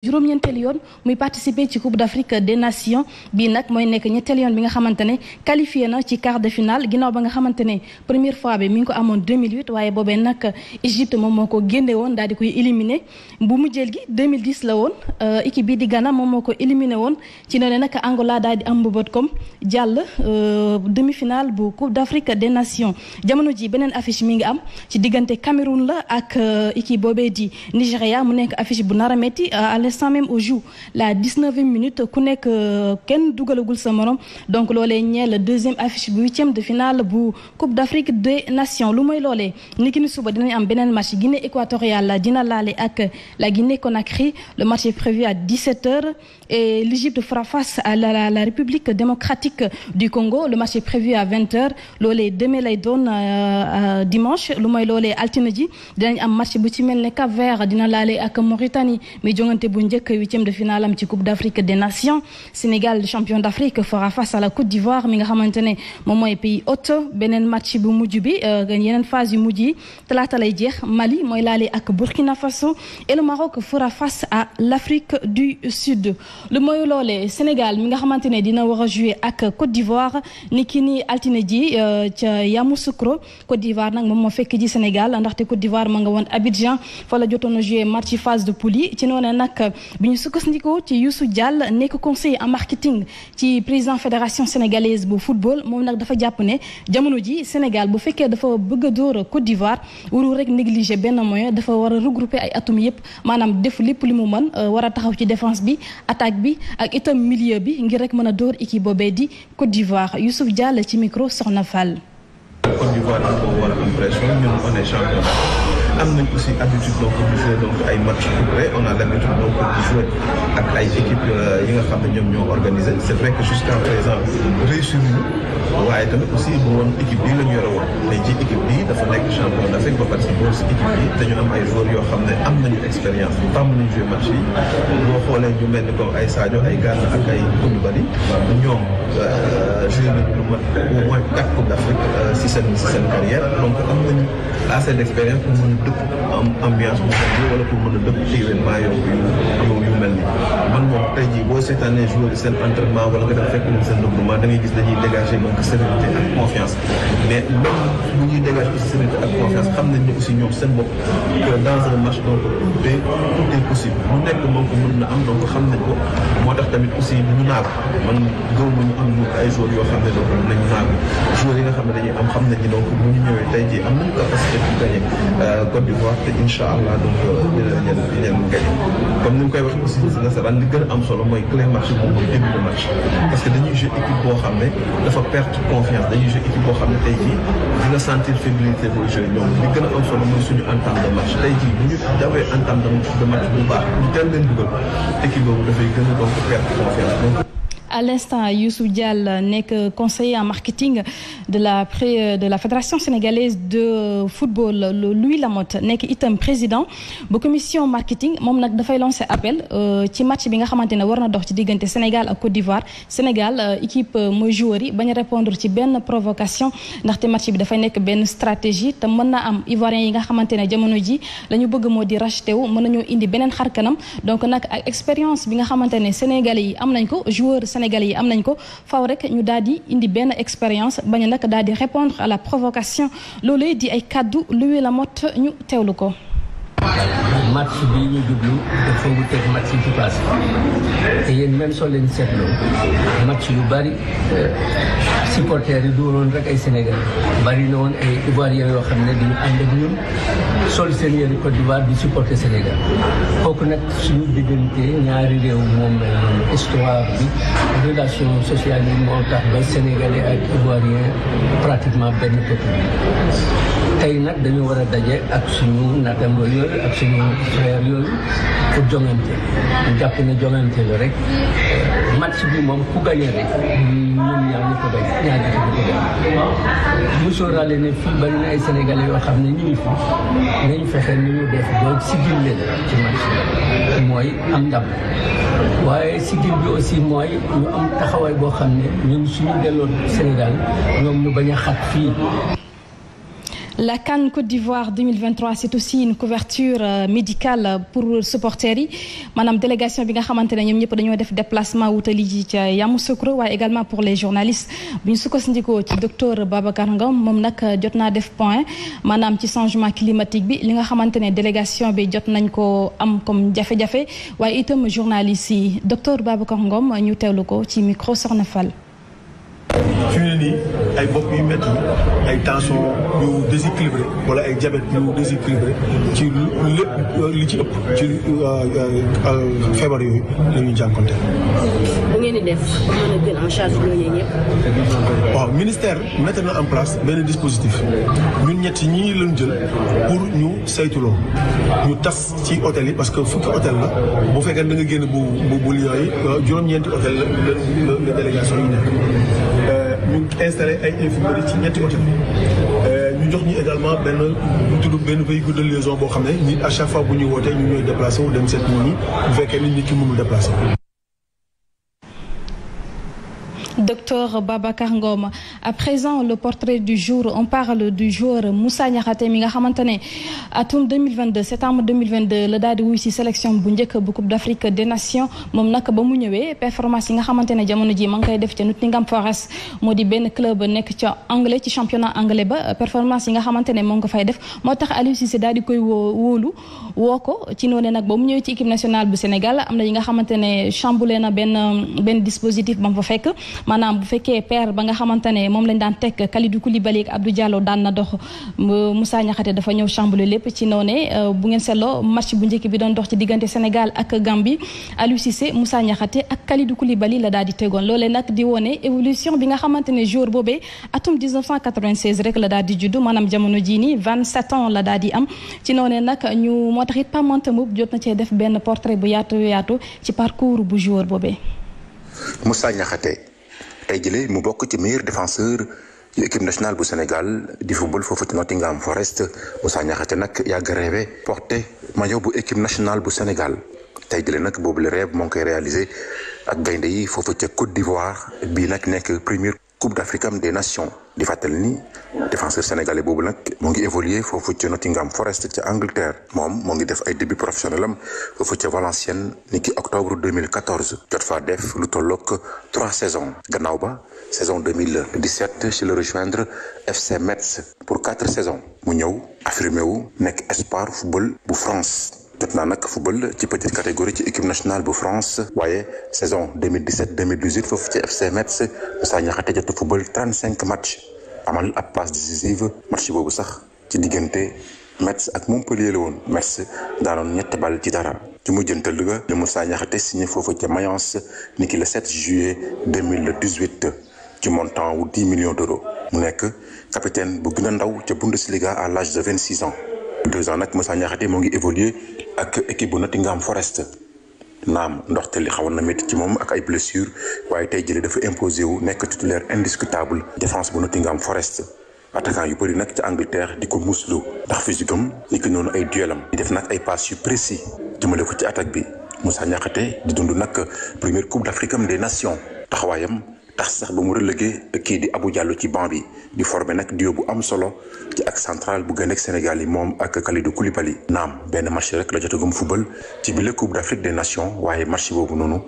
juróom-ñeenteel yoon muy participer ci coupe d'Afrique des nations bii nag mooy nekk ñetteel yoon bi nga xamante ne qualifié na ci quart de finale ginnaaw ba nga xamante ne première fois bi mi ngi moo ko génne woon daal di koy éliminé bu gi la woon euh, équipe bi di moom moo ko éliminé woon ci noonu nag Angola daal di am mbëbët comme jàll euh, demi final bu coupe d'Afrique des nation jamono ji beneen affiche mi ngi am ci diggante Cameroun la ak euh, équipe boobee di Nigéria mu nekk affiche bu nar m restant même au jour la 19e minute ku nekk euh, kenn dugalagul sa morom donc loolee ñeel deuxième affiche bu huitième de finale bu Coupe d'Afrique des Nations lu mooy loole ni ki ni suba am beneen match Guinée équatoriale dina laale ak la Guinée Conakry le match est prévu à 17h et l'Égypte fera face à la, la République démocratique du Congo le match est prévu à 20h loolee demee lay doon euh, euh, dimanche lu mooy loolee altine ji dinañ am match bu ci mel ne Cap-Vert bu njëkk huitième de finale am ci Coupe d'Afrique des Nations Sénégal champion d'Afrique fera face à la Côte d'Ivoire mi nga xamante mooy pays hôte beneen match bu mujj bi euh, yeneen phase yu mujj yi jeex Mali mooy laale ak Burkina Faso et le Maroc fera face à l'Afrique du Sud lu mooy loolee Sénégal mi nga xamante ne dina war a jouer ak Côte d'Ivoire ni ki ni altine ji euh, ca Yamoussoukro Côte d'Ivoire nag moom moo fekk ji Sénégal ndaxte Côte d'Ivoire a bi ñu sukkandikoo ci Youssou Diall nekk conseiller en marketing ci président fédération sénégalaise bu football moom nag dafa jàpp ne jamono ji Sénégal bu fekkee dafa bëgg a dóor Côte d'Ivoire warul rek négliger benn moyen dafa war a regrouper ay atum yëpp maanaam def lépp li mu mën euh, war a taxaw ci défense bi attaque bi ak itam milieu bi ngir rek mën a dóor équipe boobee di Côte d'Ivoire Youssouf Diall ci micro Soxna Fall. am nañ aussi habitude donc di jouer donc ay match couperé on a l'habitude donc di jouer ak ay équipe euh, yi nga xam ne ñoom ñoo organisé c'est vrai que jusqu'à présent réussir ñu waaye tamit aussi bu woon équipe bii la ñu yore woon mais ci équipe bii dafa nekk champion d'Afrique ba pare si boor si équipe bi dañu am ay joueurs yoo xam ne am nañu expérience tàmm nañu joué match yi boo xoolee ñu mel ni comme ay Sadio ay Gana ak ay Koulibaly ñoom euh, joué nañu lu mat au moins quatre Coupe d'Afrique si euh, seen si seen carrière donc am nañu assez d'expérience pour mën a dëpp am ambiance bu mel nii wala pour mën a dëpp ci événement yow yu yu mel nii man moom tey jii boo seetaanee joueurs yi seen entraînement wala nga dem fekk leen seen regroupement da ngay gis dañuy dégager ak sérénité ak confiance mais loolu ak confiance xam nañ ne aussi ñoom seen bopp que dans un match donc day tout am donc xam nañ ko moo tax tamit aussi ñu naagu man gëw ma ñu am ay joueurs yoo xam ne donc nañu naagu yi nga xam ne dañuy am xam nañ ni donc bu ñu tey jii am nañu capacité pour gagner euh, Côte d'Ivoire te incha allah euh, leen dinañ gagner comme ni mu koy wax aussi si nasaraan li gën am solo mooy clé match moom mooy début de match parce que dañuy jouer équipe boo xam ne dafa perte ci confiance dañuy jouer équipe boo xam ne tey jii dina sentir fébrilité booy jouer ñoom li gën a am solo mooy suñu entame de match tey jii bu ñu dawee entame de match bu baax ñu teel leen dugal équipe boobu dafay gën a donc perte confiance donc à l'instant Youssou Diall nekk conseiller en marketing de la de la fédération sénégalaise de football Louis Lamotte nekk itam président bu commission marketing moom nag dafay lancer appel euh, ci match bi nga xamante ne war na dox ci diggante Sénégal a Côte d'Ivoire Sénégal euh, équipe euh, mooy joueur yi bañ a répondre ci benn provocation ndaxte match bi dafay nekk benn stratégie te mën na am ivoirien yi nga xamante ne jamono ji la ñu bëgg moo di racheté wu mën nañoo indi beneen xar kanam donc nag expérience bi nga xamante ne sénégalais yi am nañ ko joueur sénégalais yi am nañ ko faw rek ñu daal di indi benn expérience bañ a nag daal di répondre à la provocation loolee di ay kàddu luwe la mot ñu teewlu ko. match bi ñu jublu dafa wuteeg match yi ci passé te yéen même soo match yu bari supporters yi dooloon rek ay Sénégalais bari na woon ay Ivoiriens yoo xam ne dañu am ak ñun sol seen yëre Côte d'Ivoire di supporter Sénégal kooku nag suñu diggante ñaari réew moom mel euh, histoire relation sociale yi moo tax ba Sénégalais ak Ivoiriens pratiquement benn peuple tey nag dañu war a daje ak suñu nattangoo yooyu ak suñu frère yooyu jongante ñu jongante la rek match bi moom ku gagné rek ñoom ñaar ñu ko gagné ñaar ñu ko gagné mu sóoraale ne fii bari na ay sénégalais yoo xam ne ñu ngi fi nañ fexe ni ñu def ba sigil leen ci match mooy am ndam waaye sigil bi aussi mooy ñu am taxawaay boo xam ne ñun suñu delloo Sénégal ñoom ñu bañ a xat fii La Cannes Côte d'Ivoire 2023 c'est aussi une couverture euh, médicale pour supporters yi maanaam délégation bi nga xamante ne ñoom ñëpp dañoo def déplacement wutali ji ca Yamoussoukro waaye également pour les journalistes bu ñu sukkandikoo ci docteur Babacar Ngom moom nag euh, jot naa def point maanaam ci changement climatique bi li nga xamante ne délégation bi jot nañ ko am comme jafe-jafe waaye itam journalistes yi docteur Babacar Ngom ñu teewlu ko ci micro Soxna Fall fi mu nii ay bopp yu ay tension yu déséquilibré wala ay diabète yu déséquilibré ci lépp euh, li ci ëpp ci euh, euh, feebar yooyu lañuy ñuy jànkonte. bu ngeen di def ministère mettre na en place benn dispositif ñun ñett ñi lañ jël pour ñu saytu ñu tas ci hôtel yi parce que fukki hôtel la bu fekkee da nga génn bu bu bul Lyon yi juróom-ñeenti hôtel la la délégation yi nekk. nañ installé ay infirmerie ci ñetti hôtel euh, bi ñu jox ñu également benn ñu benn véhicule de liaison boo xam ne ñi à chaque bu ñuy wootee ñu ñooy déplacé wu dem seet nit ñi bu fekkee nit ñi ci mënul déplacé docteur Babacar à présent le portrait du jour on parle du joueur Moussa Niakhaté mi nga xamante ne atum 2022 septembre 2022 la daal di wuy si sélection bu njëkk bu Coupe d'Afrique des Nations moom nag ba mu ñëwee performance yi nga xamante ne jamono ji ma ngi koy def ca Nottingham Forest moo di benn club nekk ca anglais ci championnat anglais ba performance yi nga xamante ne moo ngi ko fay def moo tax Aliou Cissé daal di koy wóolu woo ko ci noonu nag ba mu ñëwee ci équipe nationale bu Sénégal am na yi nga xamante ne chamboulé na benn benn dispositif ba mu fa fekk maanaam bu fekkee paire ba nga xamante ne moom lañ daan teg Kalidou Koulibaly ak Abdou daan na dox Moussa Niakhaté dafa ñëw chamboulé lépp ci noonu euh, bu ngeen seetloo match bu njëkk bi doon dox ci diggante Sénégal ak Gambie Aliou Cissé Moussa Niakhaté ak Kalidou Koulibaly la daal di tegoon loole nag di wone évolution bi nga xamante ne jour boobee atum 1996 rek la daal di juddu maanaam jamono jii nii 27 ans la daal di am tax it Pape Manta jot na cee def benn portrait bu yaatu yaatu ci parcours bu joueur boobee. mu Niakhaté tey jële mu bokk ci meilleur défenseur yu équipe nationale bu Sénégal di football foofu ci Nottingham Forest mu Niakhaté nag yàgg rêvé porté maillot bu équipe nationale bu Sénégal tey jëlee nag boobu le rêve moo koy réalisé ak gaynde yi foofu ca Côte d'Ivoire bii nag nekk première. coupe d'Afrique am des nations di fàttali ni défenseur sénégalais boobu nag moo ngi évoluer foofu ca Nottingham Forest ca Angleterre moom moo ngi def ay début professionnel am foofu ca Valenciennes ni ki octobre jot faa def lu tolloog trois saisons gannaaw ba saison 2017 ci le rejoindre FC Metz pour quatre saisons mu ñëw affirmé wu nekk espoir football bu France jot naa nag football ci petite catégorie ci équipe nationale bu France waaye saison 2017 2018 foofu ci FC Metz Moussa Niakhaté jot football 35 match amal ab passe décisive match boobu sax ci diggante Metz ak Montpellier la woon Metz daanoon ñett bal ci dara ci mujjantal ga mu Moussa Niakhaté signé foofu ca Mayence ni ki le 7 juillet 2018 ci montant wu 10 millions d'euros mu nekk capitaine bu gën a ndaw ca Bundesliga à l'âge de 26 ans deux ans nag Moussa Niakhaté moo ngi évolué ak équipe bu Nottingham Forest naam ndoxte li xawoon na métti ci moom ak ay blessure waaye tey jëlee dafa imposé wu nekk titulaire indiscutable défense bu Nottingham Forest attaquant yu bëri nag ca Angleterre di ko muslu ndax physique am ni ki noonu ay duelam di def nag ay passes yu précis jëmale ko ci attaque bi Moussa Niakhaté di dund nag première coupe d'Afrique am des nations taxawaayam tax sax ba mu relégué kii di abu Diallo ci banc bi di formé nag duo bu am solo ci ak central bu gën ak Sénégal yi moom ak Kalidou Koulibaly. naam benn match rek la jotagum football ci bile Coupe d'Afrique des Nations waaye match boobu noonu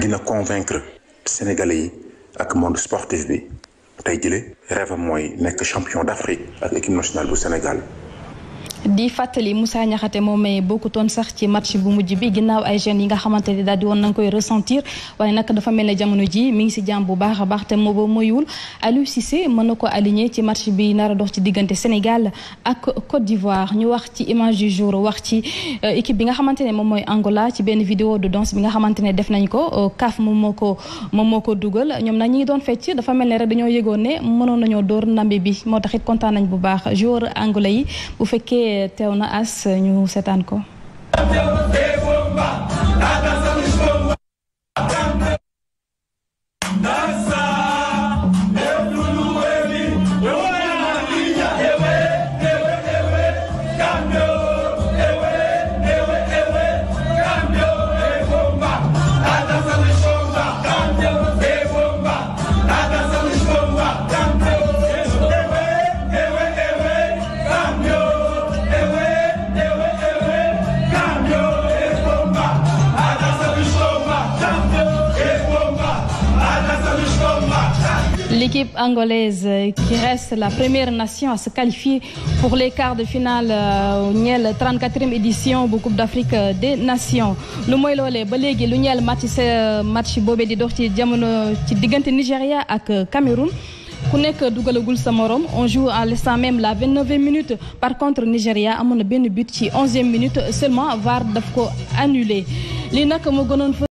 dina convaincre Sénégalais yi ak monde sportif bi tey jële rêve am mooy nekk champion d'Afrique ak équipe nationale bu Sénégal. di fàttali Moussa Niakhaté moom may bokkutoon sax ci match bu mujj bi ginnaaw ay jeunes yi nga xamante ne daal di woon na nga koy ressentir waaye nag dafa mel ne jamono ji mi ngi si jàmm bu baax a baax te moo ba moyul Aliou Cissé mën na ko aligné ci match bi nar a dox ci diggante Sénégal ak Côte d'Ivoire ñu wax ci image jour wax ci euh, équipe bi nga xamante ne moom mooy Angola ci benn vidéo de danse bi nga xamante ne def nañ ko euh, CAF moom moo ko moom moo ko dugal ñoom nag ñi ngi doon fecc dafa mel ne rek dañoo yëgoon ne mënoon nañoo door ndambi bi moo tax it kontaan nañ bu baax joueur anglais yi bu fekkee teew na as ñu seetaan ko. l'équipe angolaise qui reste la première nation à se qualifier pour les quarts de finale ñeel euh, 34e édition bu Coupe d'Afrique euh, des Nations lu mooy loolee ba léegi lu ñeel match euh, match boobee di dox ci jamono ci diggante Nigéria ak Cameroun ku nekk dugalagul sa morom on joue à l'instant même la 29e minute par contre Nigéria amoon na benn but ci 11e minute seulement VAR daf ko annulé lii nag moo